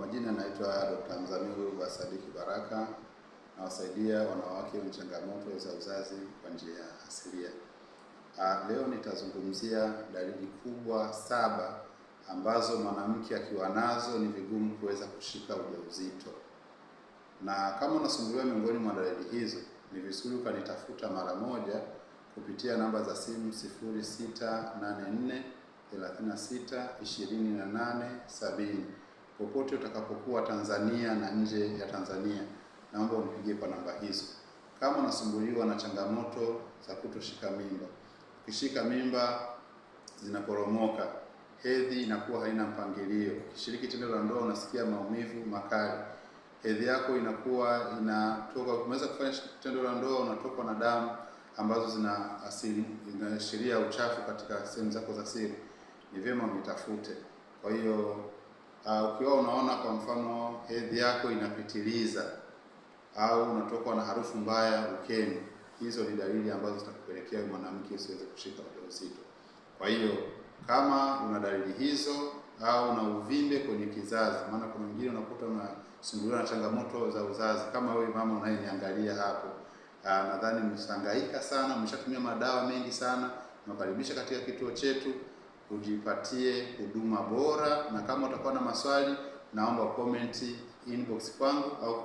majina naitwa Dr. Mzamiru Basadiki Baraka, nawasaidia wanawake wenye changamoto za uzazi kwa njia ya asilia. Uh, leo nitazungumzia dalili kubwa saba ambazo mwanamke akiwa nazo ni vigumu kuweza kushika ujauzito, na kama unasumbuliwa miongoni mwa dalili hizo, ni vizuri ukanitafuta mara moja kupitia namba za simu 0684 36 28 70 popote utakapokuwa Tanzania na nje ya Tanzania, naomba unipigie kwa namba hizo. Kama unasumbuliwa na changamoto za kutoshika mimba, ukishika mimba zinaporomoka, hedhi inakuwa haina mpangilio, ukishiriki tendo la ndoa unasikia maumivu makali, hedhi yako inakuwa inatoka, umeweza kufanya tendo la ndoa unatokwa na damu ambazo zina asili zinaashiria uchafu katika sehemu zako za siri, ni vyema unitafute. Kwa hiyo uh, ukiwa unaona kwa mfano hedhi yako inapitiliza au unatokwa na harufu mbaya ukeni, hizo ni dalili ambazo zitakupelekea mwanamke usiweze kushika ujauzito. Kwa hiyo kama una dalili hizo au una uvimbe kwenye kizazi, maana kuna wengine unakuta unasumbuliwa na changamoto za uzazi, kama wewe mama unayeniangalia hapo, ah, nadhani mshangaika sana, mmeshatumia madawa mengi sana, nakaribisha katika kituo chetu ujipatie huduma bora, na kama utakuwa na maswali, naomba comment inbox kwangu au